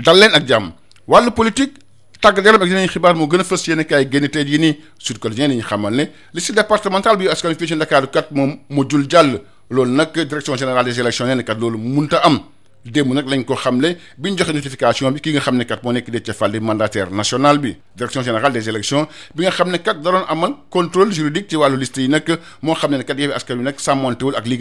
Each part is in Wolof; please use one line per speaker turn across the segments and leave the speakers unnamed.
dal leen ak jàmm wàllu politique tàggat yaram ak yeneen xibaar moo gën a fës yéen kaay génn tey yi nii Sud Quotidien yi ñu xamal ne liste départementale bi askan fii ci Ndakaaru kat moom mu jul jàll loolu nag direction générale des élections nee na kat loolu munta am démb nag lañ ko xamle bi ñu joxe notification bi ki nga xam ne kat moo nekk Déthié Fall di mandataire national bi direction générale des élections bi nga xam ne kat da doon amal contrôle juridique ci wàllu liste yi nag moo xam ne kat Yewwi Askan Wi nag sàmmoontewul ak ne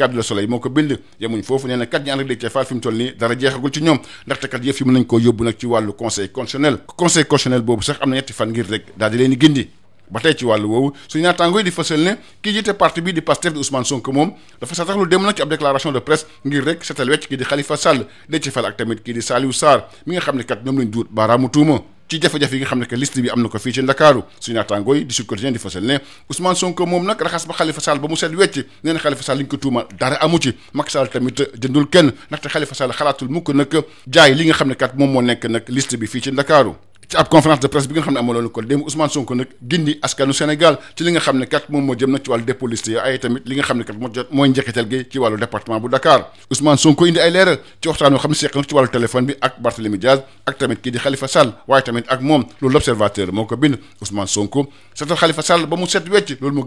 kat di la Soleil moo ko bind yemuñ foofu nee na kat ñi ànd ak Déthié Fall fi mu toll nii dara jeexagul ci ñoom ndaxte kat yëf yi mën nañ koo yóbbu nag ci wàllu conseil constitutionnel conseil constitutionnel boobu sax am na ñetti fan ngir rek daal di leen di gindi ba tey ci wàll woowu suñu naataangoo yi di fësal ne kii jiite parti bi di Pastef di Ousmane Sonko moom dafa sax lu dem na ci ab déclaration de presse ngir rek setal wecc kii di Khalifa Sall Déthié Fall ak tamit kii di Saliou Sarr nga xam ne kat ñoom lañ duut baaraamu tuuma ci jafe-jafe yi nga xam ne que liste bi am na ko fii ci Ndakaaru suñu naataangoo yi di Sud Quotidien di fësal ne mu set kenn ndaxte Khalifa Sall xalaatul mukk nag jaay li nga xam ne kat moom moo nekk nag list bi fii ci Ndakaaru ci ab conférence de presse bi nga xam ne amaloon ko démb Ousmane Sonko nag gindi askanu Sénégal ci li nga xam ne kat moom moo jëm ci wàllu dépôt liste ay tamit li xam ne kat moo jot mooy njëkkital gi ci wàllu département bu Dakar Ousmane Sonko indi ay leeral ci waxtaan xam ne seq na ci wàllu téléphone bi ak Barthélemy Diaz ak tamit kii di Khalifa Sall waaye tamit ak moom loolu l'observateur moo ko bind Ousmane Sonko set wecc loolu moo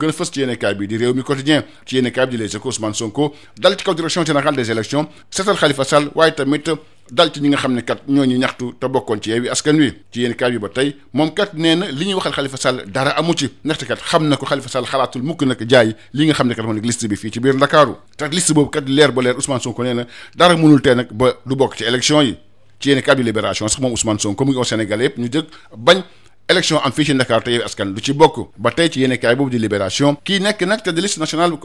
gën dal ci ñi nga xam ne kat ñooñu ñaxtu te bokkoon ci Yewwi Askan Wi ci yéen kaay bi ba tey moom kat nee na li ñuy waxal xalifa Sall dara amu ci ndaxte kat xam na ko Khalifa saal xalaatul mukk nag jaay li nga xam ne kat moo nekk liste bi fii ci biir Ndakaaru te liste boobu kat leer ba leer Ousmane Sonko nee na dara mënul tee nag ba du bokk ci élection yi ci yéen kaay bi libération sax moom Ousmane Sonko mu ngi au Sénégal yëpp ñu jëkk bañ élection am fii ci Ndakaar te Yewwi Askan du ci bokk ba tey ci yéen kaay boobu di libération kii nekk nag te de liste nationale bu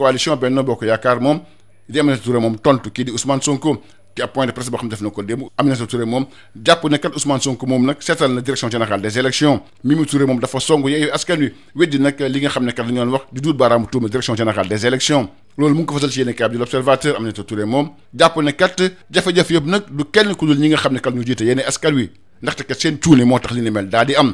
Bokk Yaakaar moom di Aminata moom tontu kii di Ousmane Sonko ci ab point de presse boo xam ne def na ko démb Aminata Touré moom jàpp ne kat Ousmane Sonko moom nag seetal na direction générale des élections Mimi Touré moom dafa song yeeyu askan wi weddi nag li nga xam ne kat la ñu wax di duut baaraamu tuuma direction générale des élections loolu mu ngi ko fasal ci yéen kaab di l'observateur Aminata Touré moom jàpp ne kat jafe-jafe yëpp nag du kenn ku dul ñi nga xam ne kat ñu jiite yéen askan wi ndaxte kat seen am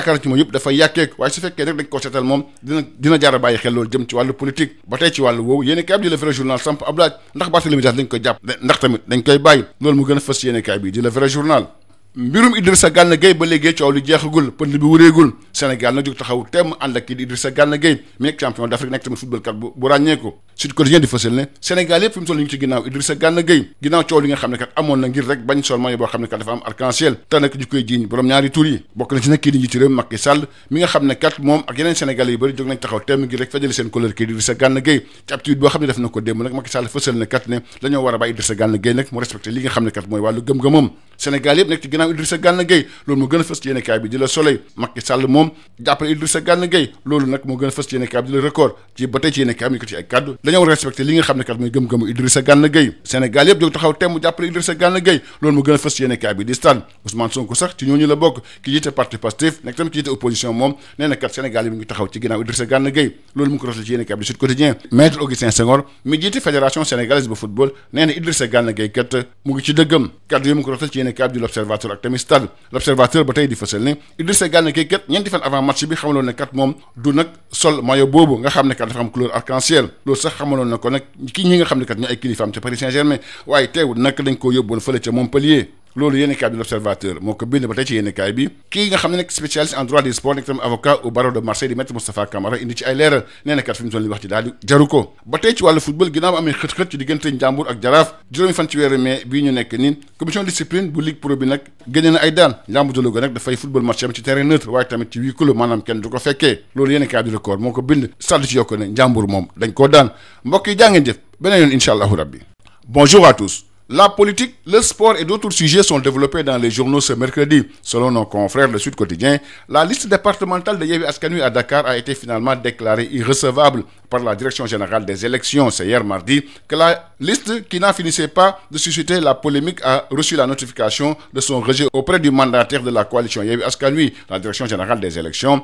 yaakaar ci moom yëpp dafay yàkkeeku waaye su fekkee rek dañ ko seetal moom dina dina jar a bàyyi xel loolu jëm ci wàllu politique ba tey ci wàllu woowu yéeni bi di le vrai journal samp ab ndax Barthélémy Dias dañ koy jàpp ndax tamit dañ koy bàyyi loolu mu gën a fës yéeni kaay bi di le vrai journal mbirum Idrissa Gana Gueye ba léegi coow lu jeexagul pënd bi wureegul Sénégal na jóg taxaw temm ànd ak kii di Idrissa Gana Gueye mi nekk champion d'Afrique nekk Sud Quotidien di fësal ne Sénégal yëpp fi mu sol maillot ñu ci nag kii a bàyyi Idrissa Gana Gueye mu respecté fës ci yéene kaay bi di la Soleil Macky Sall moom jàppale Idrissa Gana Gueye loolu nag moo gën fës ci yéene kaay bi di la Record ci ba ci yéene kaay mi ko ci ay kàddu dañoo respecté li nga xam ne kat muy gëm-gëmu Idrissa Gana Gueye Sénégal yëpp jóg taxaw temm jàppale Idrissa Gana Gueye loolu mu gën a fës yéene kaay bi di stade Ousmane Sonko sax ci ñooñu la bokk ki jiite parti Pastef nekk tamit ki jiite opposition moom nee kat Sénégal yi mu taxaw ci ginnaaw Idrissa Gana Gueye loolu mu ko rosal ci yéene kaay bi di l'observateur ak tamit stade l'observateur ba tey di fësal ne Idrissa Gana Gueye kat ñeenti fan sax xamaloon na ko nag ki ñi nga xam ne kat ñu ay kilifaam ca Paris Saint-Germain waaye teewul nag dañ koo yóbboon fële ca loolu yéen kaay bi kii nga xam ne nag spécialiste en droit du sport nekk tam avocat au barreau de Marseille di maître Moustapha Camara indi ci ay leeral nee na kat li wax ci daal jaru ko ba tey ci wàllu football ginnaaw amee xët-xët ci diggante Njàmbur ak Jaraaf juróomi fan ci weeru mai bii ñu nekk nii commission discipline bu ligue pro bi nag génne na ay daan Njàmbur de Louga nag dafay football match am ci terrain neutre waaye tamit ci huis clos maanaam La politique, le sport et d'autres sujets sont développés dans les journaux ce mercredi. Selon nos confrères de Sud Quotidien, la liste départementale de Yévi Askanui à Dakar a été finalement déclarée irrecevable par la Direction générale des élections. C'est hier mardi que la liste qui n'en finissait pas de susciter la polémique a reçu la notification de son rejet auprès du mandataire de la coalition Yévi Askanui. La Direction générale des élections,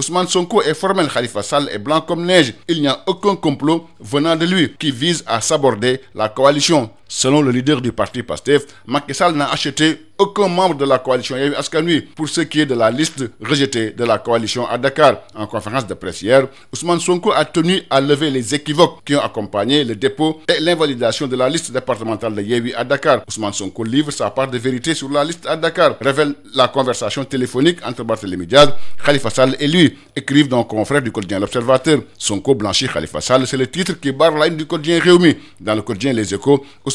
Ousmane Sonko est formel, Khalifa Sall est blanc comme neige. Il n'y a aucun complot venant de lui qui vise à saborder la coalition. Selon le leader du parti PASTEF, Macky Sall n'a acheté aucun membre de la coalition Yewwi Askan Wi pour ce qui est de la liste rejetée de la coalition à Dakar. En conférence de presse hier, Ousmane a tenu à lever les équivoques qui ont accompagné le dépôt et l'invalidation de la liste départementale de Yewwi à Dakar. Ousmane Sonko livre sa part de vérité sur la liste à Dakar, révèle la conversation téléphonique entre Barthélémy Diaz, Khalifa Sall et lui,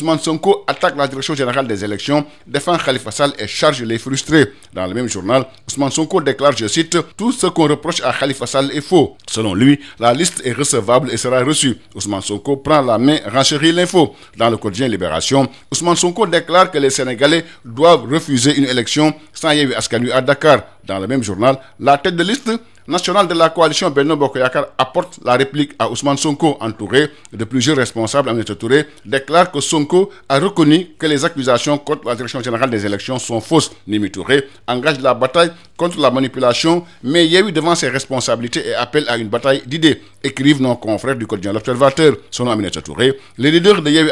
Ousmane Sonko attaque la direction générale des élections, défend Khalifa Sall et charge les frustrés. Dans le même journal, Ousmane Sonko déclare, je cite, Tout ce qu'on reproche à Khalifa Sall est faux. Selon lui, la liste est recevable et sera reçue. Ousmane Sonko prend la main, renchérit l'info. Dans le quotidien Libération, Ousmane Sonko déclare que les Sénégalais doivent refuser une élection sans Yewi Askanui à Dakar. Dans le même journal, la tête national de la coalition Benno Bokk Yakaar apporte la réplique à Ousmane Sonko entouré de plusieurs responsables Aminata Touré déclare que Sonko a reconnu que les accusations contre la direction générale des élections sont fausses Mimi Touré engage la bataille contre la manipulation mais Yewwi devant ses responsabilités et appelle à une bataille d'idées écrivent nos confrères du quotidien L'Observateur selon Aminata Touré les leaders de Yewwi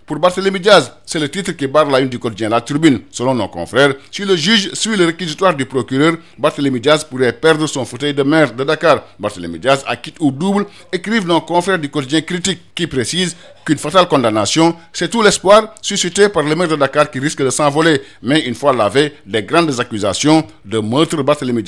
Pour Barthélémy Diaz, c'est le titre qui barre la une du quotidien La Tribune. Selon nos confrères, si le juge suit le réquisitoire du procureur, Barthélémy Diaz pourrait perdre son fauteuil de maire de Dakar. Barthélémy Diaz acquitte ou double, écrivent nos confrères du quotidien Critique qui précise qu'une fatale condamnation, c'est tout l'espoir suscité par le maire de Dakar qui risque de s'envoler. Mais une fois lavé des grandes accusations de meurtre, Barthélémy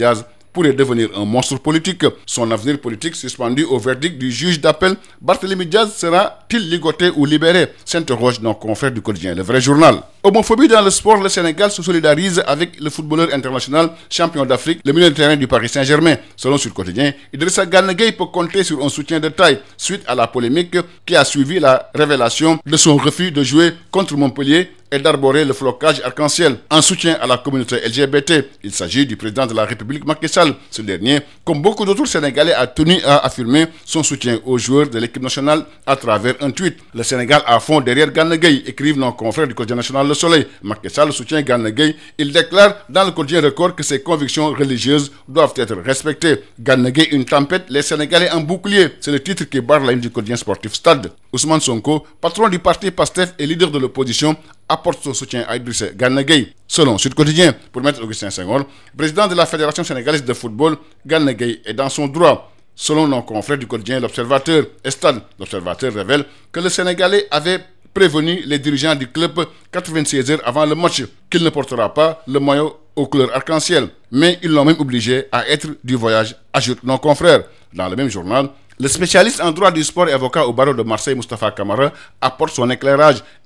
pourrait devenir un monstre politique. Son avenir politique suspendu au verdict du juge d'appel, Barthélémy Diaz sera-t-il ligoté ou libéré S'interroge nos confrères du quotidien Le Vrai Journal. Homophobie dans le sport, le Sénégal se solidarise avec le footballeur international champion d'Afrique, le milieu du Paris Saint-Germain. Selon Sud Quotidien, Idrissa Gana Gueye peut compter sur un soutien de taille suite à la polémique qui a suivi la révélation de son refus de jouer contre Montpellier et d'arborer le flocage arc-en-ciel en soutien à la communauté LGBT. Il s'agit du président de la République Macky Ce dernier, comme beaucoup Le Soleil. Macky Sall soutient Gana Il déclare dans le quotidien record que ses convictions religieuses doivent être respectées. Gana une tempête, les Sénégalais en bouclier. C'est le titre qui barre la ligne du quotidien sportif Stade. Ousmane Sonko, patron du parti PASTEF et leader de l'opposition, apporte son soutien à Idrissa Gana Selon Sud Quotidien, pour maître Augustin Senghor, président de la Fédération sénégalaise de football, Gana Gueye est prévenu les dirigeants du club 96 heures avant le match qu'il ne portera pas le maillot aux couleurs arc en à être du voyage, ajoute nos confrères. Dans le même journal, le spécialiste en droit du de Marseille, Mustapha Kamara, apporte son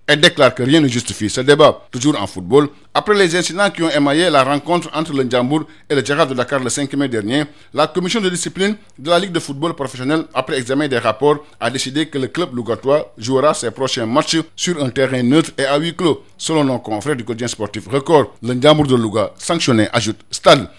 Elle déclare que rien ne justifie ce débat. Toujours en football, après les incidents qui ont émaillé la rencontre entre le Ndjambour et le Djihad de le mai dernier, la commission de discipline de la Ligue de football professionnel, après examen des rapports, a décidé que le club lougatois jouera ses prochains matchs sur un terrain neutre et à huis clos, selon nos confrères du quotidien sportif Record. Le Ndjambour de Louga, sanctionné, ajoute Stade.